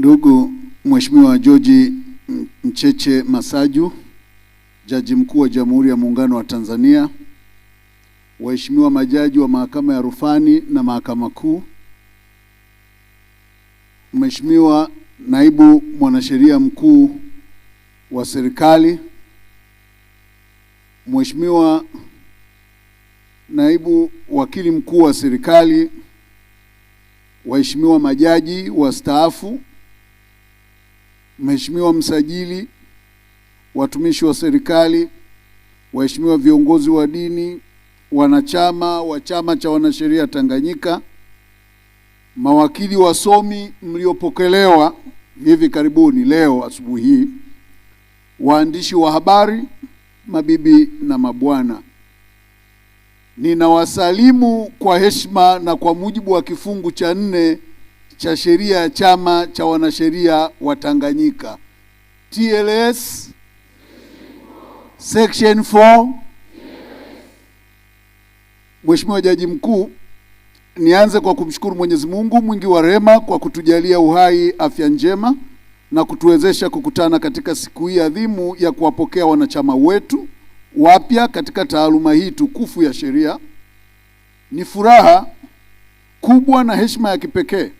Ndugu Mheshimiwa George Mcheche Masaju, Jaji Mkuu wa Jamhuri ya Muungano wa Tanzania, waheshimiwa majaji wa Mahakama ya Rufani na Mahakama Kuu, Mheshimiwa Naibu Mwanasheria Mkuu wa Serikali, Mheshimiwa Naibu Wakili Mkuu wa Serikali, waheshimiwa majaji wastaafu Mheshimiwa Msajili, watumishi wa serikali, waheshimiwa viongozi wa dini, wanachama wa Chama cha Wanasheria Tanganyika, mawakili wasomi mliopokelewa hivi karibuni leo asubuhi hii, waandishi wa habari, mabibi na mabwana, ninawasalimu kwa heshima na kwa mujibu wa kifungu cha nne cha sheria ya chama cha wanasheria wa Tanganyika TLS section 4. Mheshimiwa Jaji Mkuu, nianze kwa kumshukuru Mwenyezi Mungu mwingi wa rehema kwa kutujalia uhai, afya njema na kutuwezesha kukutana katika siku hii adhimu ya kuwapokea wanachama wetu wapya katika taaluma hii tukufu ya sheria. Ni furaha kubwa na heshima ya kipekee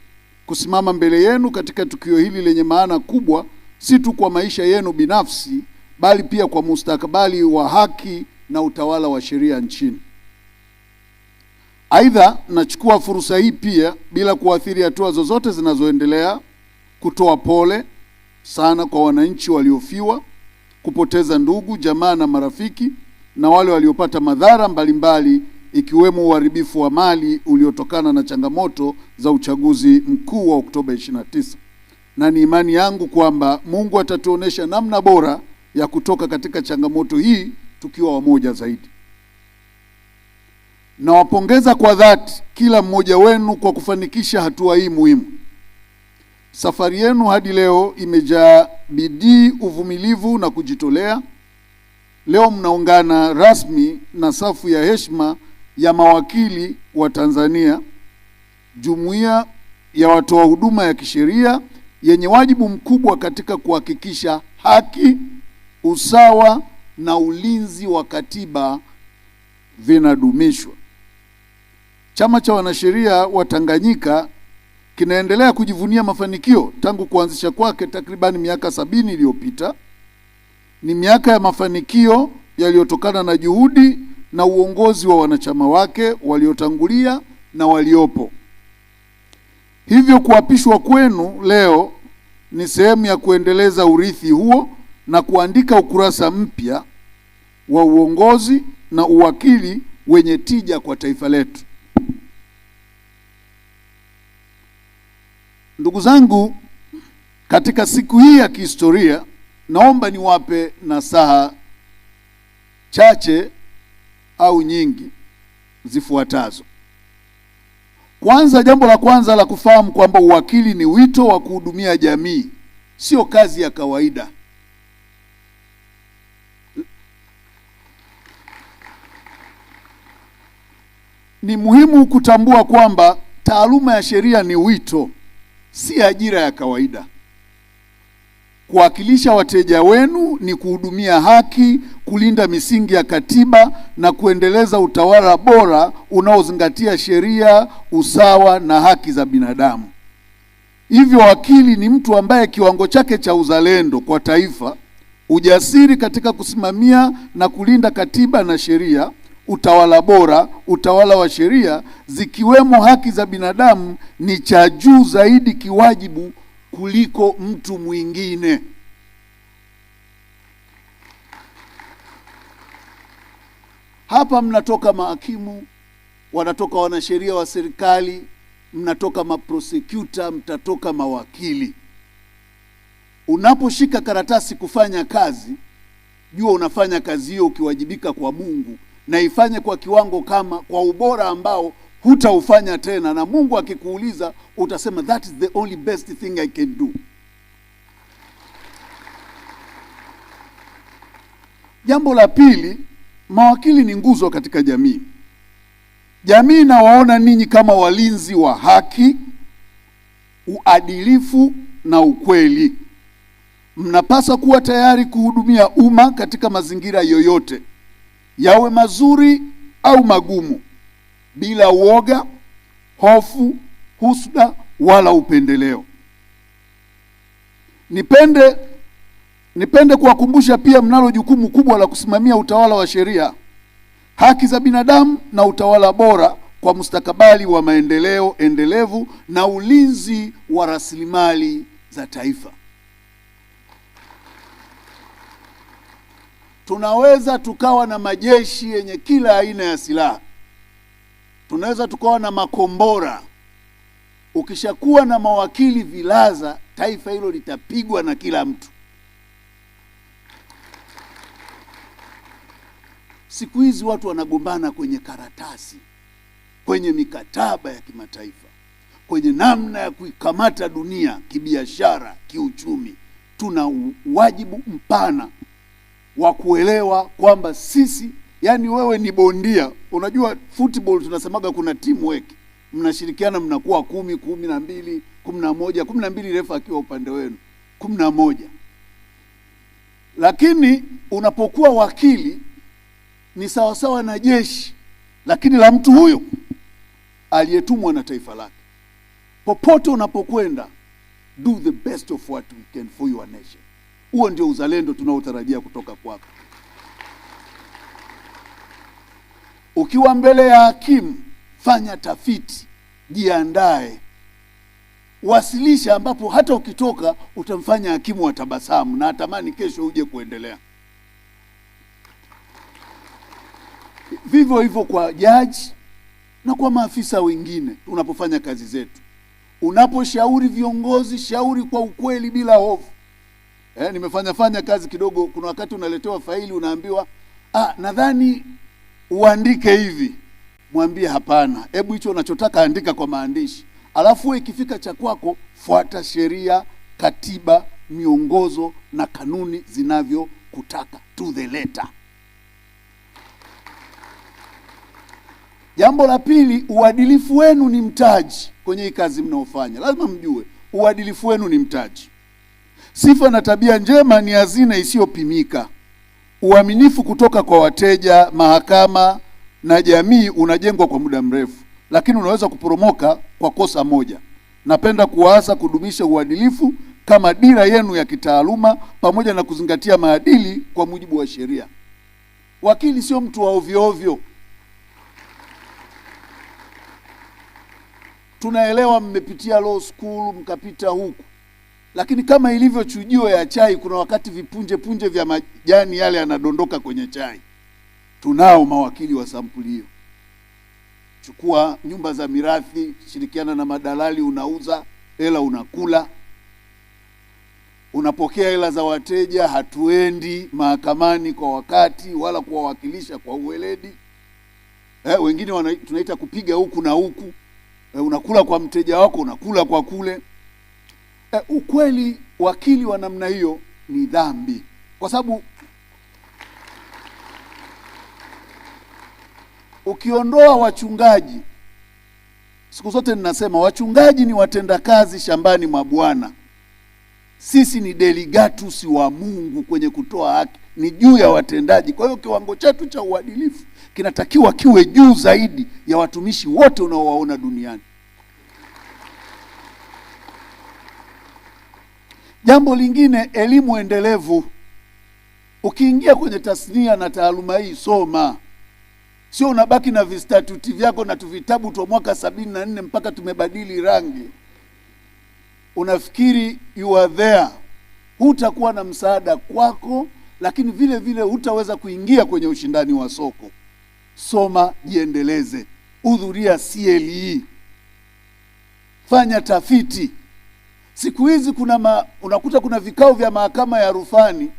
kusimama mbele yenu katika tukio hili lenye maana kubwa, si tu kwa maisha yenu binafsi, bali pia kwa mustakabali wa haki na utawala wa sheria nchini. Aidha, nachukua fursa hii pia, bila kuathiri hatua zozote zinazoendelea, kutoa pole sana kwa wananchi waliofiwa, kupoteza ndugu, jamaa na marafiki na wale waliopata madhara mbalimbali mbali ikiwemo uharibifu wa mali uliotokana na changamoto za uchaguzi mkuu wa Oktoba 29, na ni imani yangu kwamba Mungu atatuonesha namna bora ya kutoka katika changamoto hii tukiwa wamoja zaidi. Nawapongeza kwa dhati kila mmoja wenu kwa kufanikisha hatua hii muhimu. Safari yenu hadi leo imejaa bidii, uvumilivu na kujitolea. Leo mnaungana rasmi na safu ya heshima ya mawakili wa Tanzania, jumuiya ya watoa huduma ya kisheria yenye wajibu mkubwa katika kuhakikisha haki, usawa na ulinzi wa katiba vinadumishwa. Chama cha Wanasheria wa Tanganyika kinaendelea kujivunia mafanikio tangu kuanzisha kwake takribani miaka sabini iliyopita. Ni miaka ya mafanikio yaliyotokana na juhudi na uongozi wa wanachama wake waliotangulia na waliopo. Hivyo kuapishwa kwenu leo ni sehemu ya kuendeleza urithi huo na kuandika ukurasa mpya wa uongozi na uwakili wenye tija kwa taifa letu. Ndugu zangu, katika siku hii ya kihistoria, naomba niwape nasaha chache au nyingi zifuatazo. Kwanza, jambo la kwanza la kufahamu kwamba uwakili ni wito wa kuhudumia jamii, sio kazi ya kawaida. Ni muhimu kutambua kwamba taaluma ya sheria ni wito, si ajira ya kawaida. Kuwakilisha wateja wenu ni kuhudumia haki, kulinda misingi ya katiba na kuendeleza utawala bora unaozingatia sheria, usawa na haki za binadamu. Hivyo wakili ni mtu ambaye kiwango chake cha uzalendo kwa taifa, ujasiri katika kusimamia na kulinda katiba na sheria, utawala bora, utawala wa sheria zikiwemo haki za binadamu ni cha juu zaidi kiwajibu kuliko mtu mwingine. Hapa mnatoka mahakimu, wanatoka wanasheria wa serikali, mnatoka maprosecutor, mtatoka mawakili. Unaposhika karatasi kufanya kazi, jua unafanya kazi hiyo ukiwajibika kwa Mungu, na ifanye kwa kiwango kama kwa ubora ambao hutaufanya tena, na Mungu akikuuliza utasema that is the only best thing I can do. Jambo la pili, mawakili ni nguzo katika jamii. Jamii inawaona ninyi kama walinzi wa haki, uadilifu na ukweli. Mnapaswa kuwa tayari kuhudumia umma katika mazingira yoyote, yawe mazuri au magumu bila uoga, hofu, husda wala upendeleo. Nipende nipende kuwakumbusha pia mnalo jukumu kubwa la kusimamia utawala wa sheria, haki za binadamu na utawala bora kwa mustakabali wa maendeleo endelevu na ulinzi wa rasilimali za taifa. Tunaweza tukawa na majeshi yenye kila aina ya silaha tunaweza tukawa na makombora. Ukishakuwa na mawakili vilaza, taifa hilo litapigwa na kila mtu. Siku hizi watu wanagombana kwenye karatasi, kwenye mikataba ya kimataifa, kwenye namna ya kuikamata dunia kibiashara, kiuchumi. Tuna wajibu mpana wa kuelewa kwamba sisi yaani wewe ni bondia. Unajua football tunasemaga kuna teamwork, mnashirikiana, mnakuwa kumi, kumi na mbili, kumi na moja, kumi na mbili, refa akiwa upande wenu kumi na moja. Lakini unapokuwa wakili ni sawasawa na jeshi, lakini la mtu huyo aliyetumwa na taifa lake. Popote unapokwenda, do the best of what we can for your nation. Huo ndio uzalendo tunaotarajia kutoka kwako. Ukiwa mbele ya hakimu, fanya tafiti, jiandae, wasilisha, ambapo hata ukitoka utamfanya hakimu watabasamu na atamani kesho uje kuendelea. Vivyo hivyo kwa jaji na kwa maafisa wengine unapofanya kazi zetu. Unaposhauri viongozi, shauri kwa ukweli, bila hofu. Eh, nimefanya fanya kazi kidogo, kuna wakati unaletewa faili unaambiwa ah, nadhani uandike hivi, mwambie hapana, hebu hicho unachotaka andika kwa maandishi, alafu ikifika cha kwako fuata sheria, katiba, miongozo na kanuni zinavyokutaka to the letter. Jambo la pili, uadilifu wenu ni mtaji kwenye hii kazi mnaofanya. Lazima mjue uadilifu wenu ni mtaji. Sifa na tabia njema ni hazina isiyopimika. Uaminifu kutoka kwa wateja, mahakama na jamii unajengwa kwa muda mrefu, lakini unaweza kuporomoka kwa kosa moja. Napenda kuwaasa kudumisha uadilifu kama dira yenu ya kitaaluma pamoja na kuzingatia maadili kwa mujibu wa sheria. Wakili sio mtu wa ovyo ovyo. Tunaelewa mmepitia law school mkapita huku lakini kama ilivyo chujio ya chai, kuna wakati vipunje punje vya majani yale yanadondoka kwenye chai. Tunao mawakili wa sampuli hiyo. Chukua nyumba za mirathi, shirikiana na madalali, unauza hela, unakula, unapokea hela za wateja. Hatuendi mahakamani kwa wakati wala kuwawakilisha kwa uweledi. Eh, wengine wana, tunaita kupiga huku na huku. Eh, unakula kwa mteja wako, unakula kwa kule eh, ukweli wakili wa namna hiyo ni dhambi, kwa sababu ukiondoa wachungaji, siku zote ninasema wachungaji ni watendakazi shambani mwa Bwana. Sisi ni delegatus wa Mungu kwenye kutoa haki, ni juu ya watendaji. Kwa hiyo kiwango chetu cha uadilifu kinatakiwa kiwe juu zaidi ya watumishi wote unaowaona duniani. Jambo lingine, elimu endelevu. Ukiingia kwenye tasnia na taaluma hii, soma, sio unabaki na vistatuti vyako na tuvitabu twa mwaka sabini na nne mpaka tumebadili rangi, unafikiri you are there. Hutakuwa na msaada kwako, lakini vile vile hutaweza kuingia kwenye ushindani wa soko. Soma, jiendeleze, hudhuria CLE, fanya tafiti Siku hizi kuna ma, unakuta kuna vikao vya mahakama ya rufani,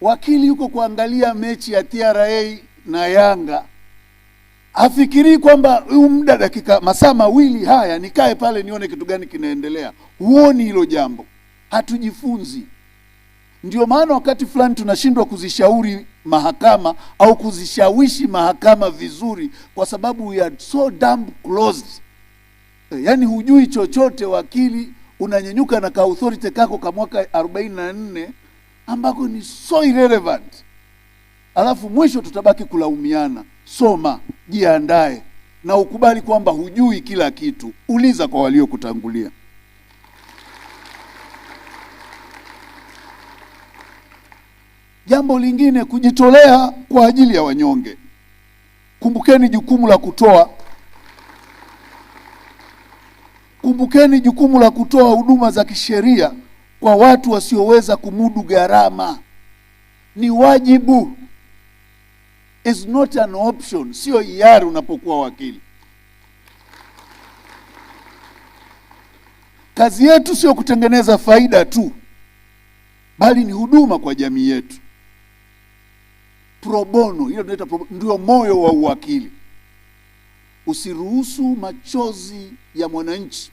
wakili yuko kuangalia mechi ya TRA na Yanga, afikirii kwamba huu muda dakika masaa mawili haya nikae pale nione kitu gani kinaendelea. Huoni hilo jambo, hatujifunzi. Ndio maana wakati fulani tunashindwa kuzishauri mahakama au kuzishawishi mahakama vizuri, kwa sababu we are so damn closed. Yani hujui chochote wakili unanyenyuka na ka authority kako ka mwaka 44 ambako ni so irrelevant, alafu mwisho tutabaki kulaumiana. Soma, jiandae na ukubali kwamba hujui kila kitu, uliza kwa waliokutangulia. Jambo lingine, kujitolea kwa ajili ya wanyonge. Kumbukeni jukumu la kutoa Kumbukeni jukumu la kutoa huduma za kisheria kwa watu wasioweza kumudu gharama. Ni wajibu, is not an option, sio hiari unapokuwa wakili. Kazi yetu sio kutengeneza faida tu, bali ni huduma kwa jamii yetu. Pro bono, Hiyo tunaita ndio moyo wa uwakili. Usiruhusu machozi ya mwananchi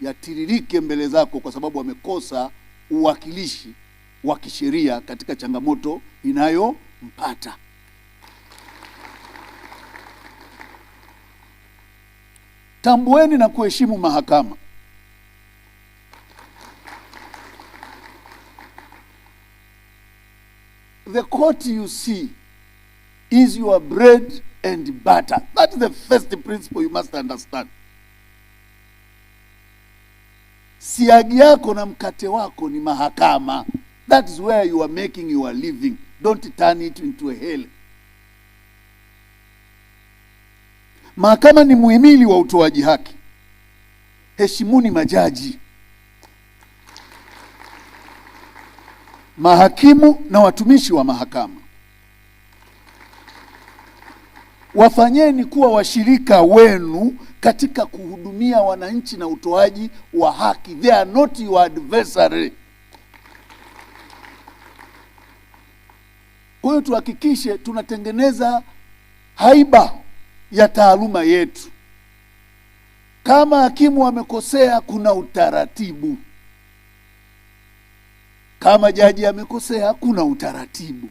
yatiririke mbele zako, kwa sababu wamekosa uwakilishi wa kisheria katika changamoto inayompata. Tambueni na kuheshimu mahakama. The court you see is your bread and butter. That is the first principle you must understand siagi yako na mkate wako ni mahakama. That is where you are making your living, don't turn it into a hell. Mahakama ni muhimili wa utoaji haki. Heshimuni majaji, mahakimu na watumishi wa mahakama. Wafanyeni kuwa washirika wenu katika kuhudumia wananchi na utoaji wa haki. They are not your adversary. Kwa hiyo tuhakikishe tunatengeneza haiba ya taaluma yetu. Kama hakimu amekosea, kuna utaratibu. Kama jaji amekosea, kuna utaratibu.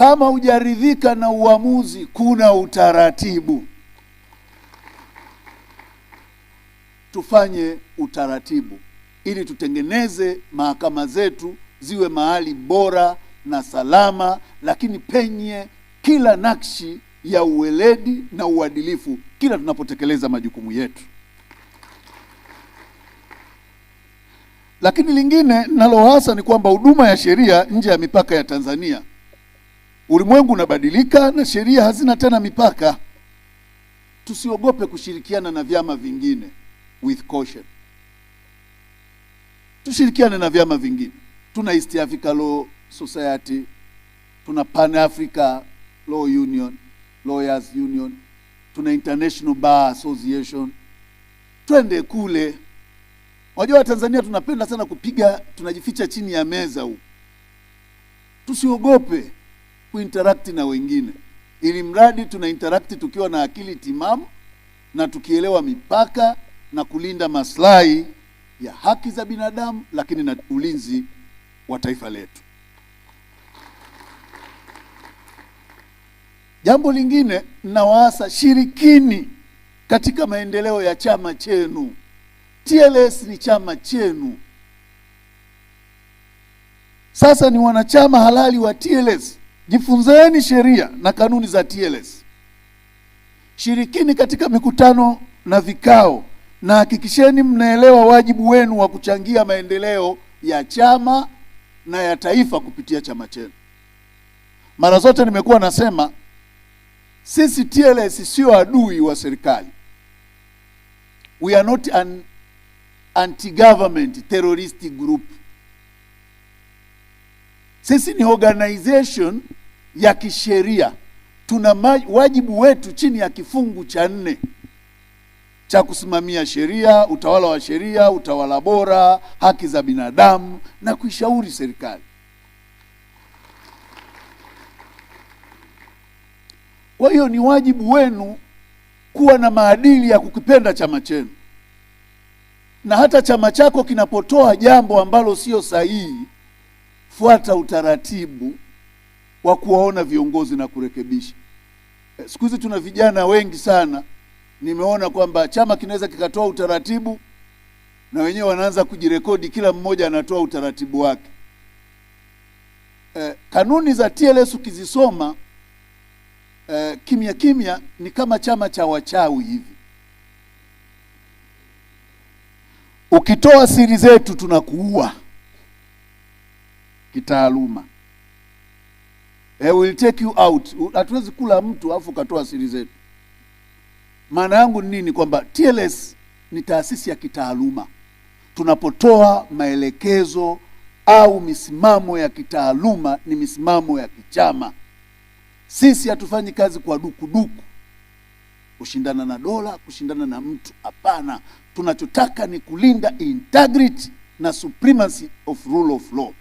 Kama hujaridhika na uamuzi, kuna utaratibu. Tufanye utaratibu ili tutengeneze mahakama zetu ziwe mahali bora na salama, lakini penye kila nakshi ya uweledi na uadilifu kila tunapotekeleza majukumu yetu. Lakini lingine nalo hasa ni kwamba huduma ya sheria nje ya mipaka ya Tanzania Ulimwengu unabadilika na sheria hazina tena mipaka. Tusiogope kushirikiana na vyama vingine with caution. Tushirikiane na vyama vingine. Tuna East Africa Law Society, tuna Pan Africa Law Union, Lawyers Union, tuna International Bar Association. Twende kule. wa Watanzania tunapenda sana kupiga, tunajificha chini ya meza huko. Tusiogope kuinterakti na wengine, ili mradi tuna interakti tukiwa na akili timamu na tukielewa mipaka na kulinda maslahi ya haki za binadamu, lakini na ulinzi wa taifa letu. Jambo lingine, nawaasa shirikini katika maendeleo ya chama chenu. TLS ni chama chenu, sasa ni wanachama halali wa TLS. Jifunzeni sheria na kanuni za TLS. Shirikini katika mikutano na vikao na hakikisheni mnaelewa wajibu wenu wa kuchangia maendeleo ya chama na ya taifa kupitia chama chenu. Mara zote nimekuwa nasema sisi TLS sio adui wa serikali. We are not an anti-government terrorist group. Sisi ni organization ya kisheria tuna wajibu wetu chini ya kifungu cha nne cha kusimamia sheria, utawala wa sheria, utawala bora, haki za binadamu na kuishauri serikali. Kwa hiyo ni wajibu wenu kuwa na maadili ya kukipenda chama chenu, na hata chama chako kinapotoa jambo ambalo sio sahihi, fuata utaratibu wa kuwaona viongozi na kurekebisha. Eh, siku hizi tuna vijana wengi sana, nimeona kwamba chama kinaweza kikatoa utaratibu na wenyewe wanaanza kujirekodi, kila mmoja anatoa utaratibu wake. E, kanuni za TLS ukizisoma e, kimya kimya ni kama chama cha wachawi hivi. Ukitoa siri zetu tunakuua kitaaluma. I eh, will take you out. Hatuwezi kula mtu alafu ukatoa siri zetu. Maana yangu ni nini? Kwamba TLS ni taasisi ya kitaaluma. Tunapotoa maelekezo au misimamo ya kitaaluma, ni misimamo ya kichama. Sisi hatufanyi kazi kwa dukuduku, kushindana na dola, kushindana na mtu. Hapana, tunachotaka ni kulinda integrity na supremacy of rule of law.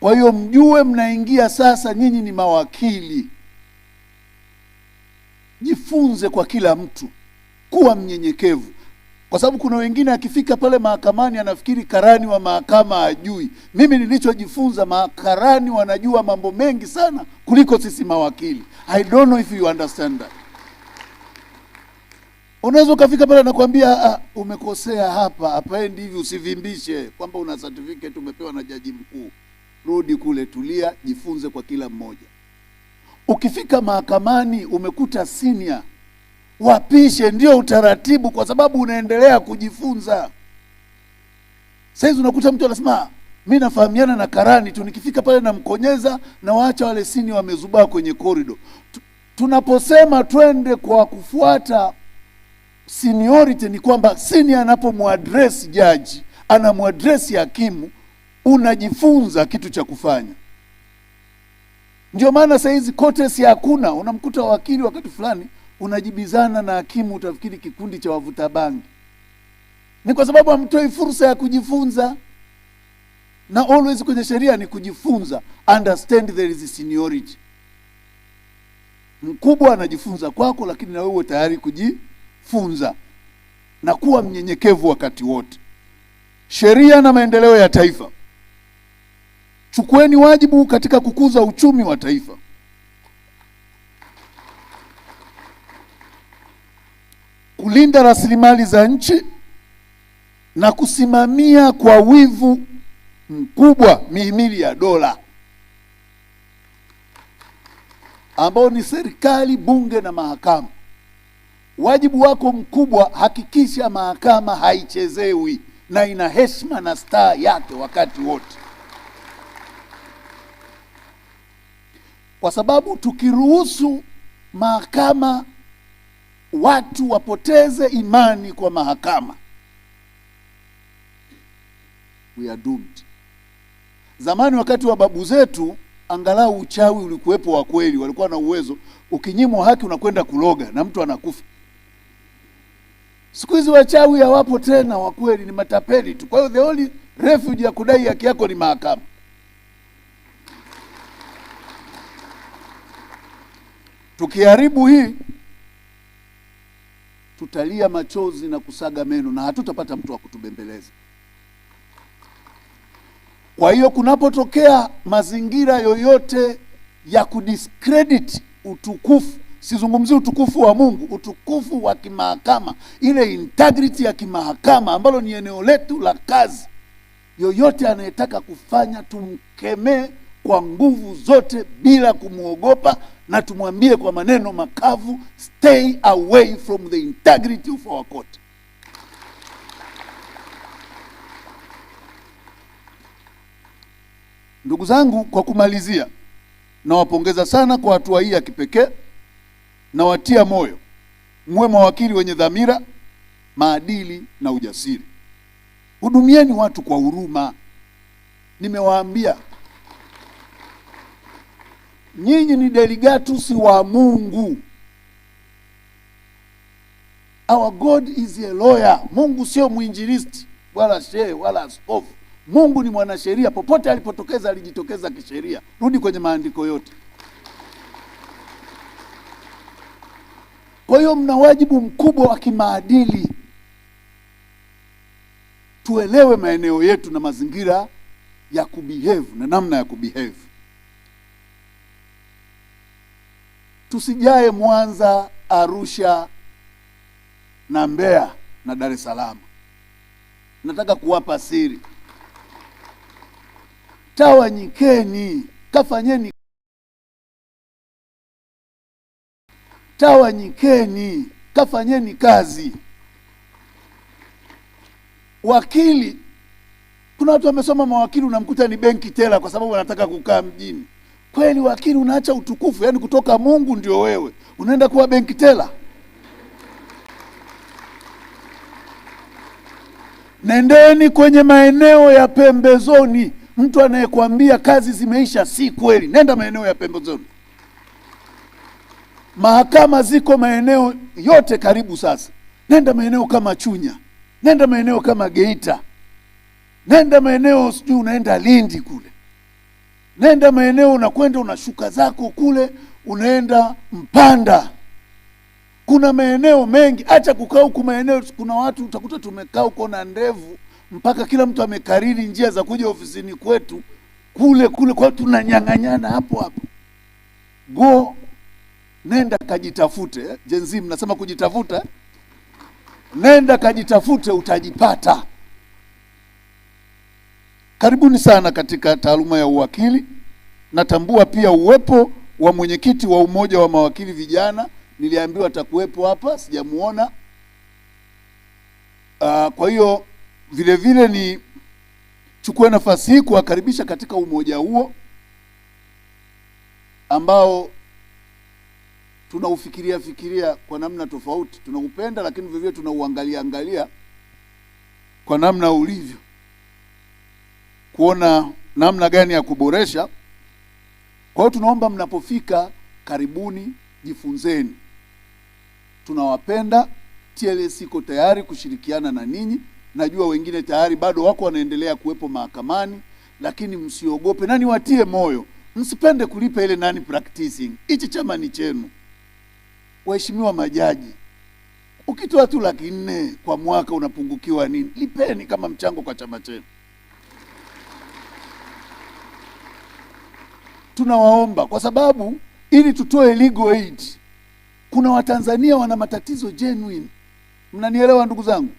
Kwa hiyo mjue mnaingia sasa, nyinyi ni mawakili. Jifunze kwa kila mtu kuwa mnyenyekevu, kwa sababu kuna wengine akifika pale mahakamani anafikiri karani wa mahakama ajui. Mimi nilichojifunza, makarani wanajua mambo mengi sana kuliko sisi mawakili. I don't know if you understand that. Unaweza ukafika pale nakwambia, ah, ah, umekosea hapa, hapaendi hivi. Usivimbishe kwamba una certificate umepewa na jaji mkuu rudi kule, tulia, jifunze kwa kila mmoja. Ukifika mahakamani umekuta sinia, wapishe, ndio utaratibu, kwa sababu unaendelea kujifunza. Saizi unakuta mtu anasema mi nafahamiana na karani tu, nikifika pale namkonyeza na waacha wale sini wamezubaa kwenye korido. Tunaposema twende kwa kufuata seniority, ni kwamba sini anapomwadresi jaji anamwadresi hakimu unajifunza kitu cha kufanya. Ndio maana saa hizi kote si hakuna, unamkuta wakili wakati fulani unajibizana na hakimu, utafikiri kikundi cha wavuta bangi. Ni kwa sababu hamtoi fursa ya kujifunza, na always kwenye sheria ni kujifunza. Understand there is seniority. Mkubwa anajifunza kwako, lakini na wewe tayari kujifunza na kuwa mnyenyekevu wakati wote. Sheria na maendeleo ya taifa Chukueni wajibu katika kukuza uchumi wa taifa. Kulinda rasilimali za nchi na kusimamia kwa wivu mkubwa mihimili ya dola ambao ni serikali, bunge na mahakama. Wajibu wako mkubwa, hakikisha mahakama haichezewi na ina heshima na staa yake wakati wote. kwa sababu tukiruhusu mahakama, watu wapoteze imani kwa mahakama, we are doomed. Zamani wakati wa babu zetu, angalau uchawi ulikuwepo wa kweli, walikuwa na uwezo. Ukinyimwa haki unakwenda kuloga na mtu anakufa. Siku hizi wachawi hawapo tena, wa kweli ni matapeli tu. Kwa hiyo the only refuge ya kudai haki yako ni mahakama. Tukiharibu hii tutalia machozi na kusaga meno na hatutapata mtu wa kutubembeleza. Kwa hiyo kunapotokea mazingira yoyote ya kudiscredit utukufu, sizungumzi utukufu wa Mungu, utukufu wa kimahakama, ile integrity ya kimahakama ambalo ni eneo letu la kazi, yoyote anayetaka kufanya tumkemee kwa nguvu zote bila kumwogopa na tumwambie kwa maneno makavu, stay away from the integrity of our court. Ndugu zangu, kwa kumalizia, nawapongeza sana kwa hatua hii ya kipekee. Nawatia moyo mwe mawakili wenye dhamira, maadili na ujasiri. Hudumieni watu kwa huruma, nimewaambia nyinyi ni delegatusi wa Mungu. Our God is a lawyer. Mungu sio mwinjilisti wala shehe wala askofu. Mungu ni mwanasheria. Popote alipotokeza alijitokeza kisheria. Rudi kwenye maandiko yote. Kwa hiyo mna wajibu mkubwa wa kimaadili. Tuelewe maeneo yetu na mazingira ya kubehave na namna ya kubehave. tusijae Mwanza, Arusha na Mbeya na Dar es Salaam. Nataka kuwapa siri, tawanyikeni, kafanyeni, tawanyikeni, kafanyeni kazi. Wakili, kuna watu wamesoma mawakili, unamkuta ni benki tela, kwa sababu wanataka kukaa mjini kweli wakili, unaacha utukufu, yaani kutoka Mungu ndio wewe, unaenda kuwa benki tela. Nendeni kwenye maeneo ya pembezoni. Mtu anayekwambia kazi zimeisha si kweli. Nenda maeneo ya pembezoni. Mahakama ziko maeneo yote karibu. Sasa nenda maeneo kama Chunya, nenda maeneo kama Geita, nenda maeneo sijui unaenda Lindi kule nenda maeneo unakwenda, unashuka zako kule, unaenda Mpanda. Kuna maeneo mengi, acha kukaa huku maeneo. Kuna watu utakuta tumekaa huko na ndevu mpaka kila mtu amekariri njia za kuja ofisini kwetu kule kule, kwa tunanyang'anyana hapo hapo. Go, nenda kajitafute. Jenzi, mnasema kujitafuta, nenda kajitafute, utajipata. Karibuni sana katika taaluma ya uwakili. Natambua pia uwepo wa mwenyekiti wa umoja wa mawakili vijana, niliambiwa atakuwepo hapa, sijamuona. Uh, kwa hiyo vile vile ni chukue nafasi hii kuwakaribisha katika umoja huo ambao tunaufikiria fikiria kwa namna tofauti, tunaupenda lakini vile vile tunauangalia angalia kwa namna ulivyo kuona namna gani ya kuboresha. Kwa hiyo tunaomba mnapofika, karibuni, jifunzeni. Tunawapenda. TLS iko tayari kushirikiana na ninyi. Najua wengine tayari bado wako wanaendelea kuwepo mahakamani, lakini msiogope na niwatie moyo, msipende kulipa ile nani practicing. Hichi chama ni chenu, waheshimiwa majaji. Ukitoa tu laki nne kwa mwaka unapungukiwa nini? Lipeni kama mchango kwa chama chenu. tunawaomba kwa sababu ili tutoe legal aid, kuna Watanzania wana matatizo genuine. Mnanielewa ndugu zangu?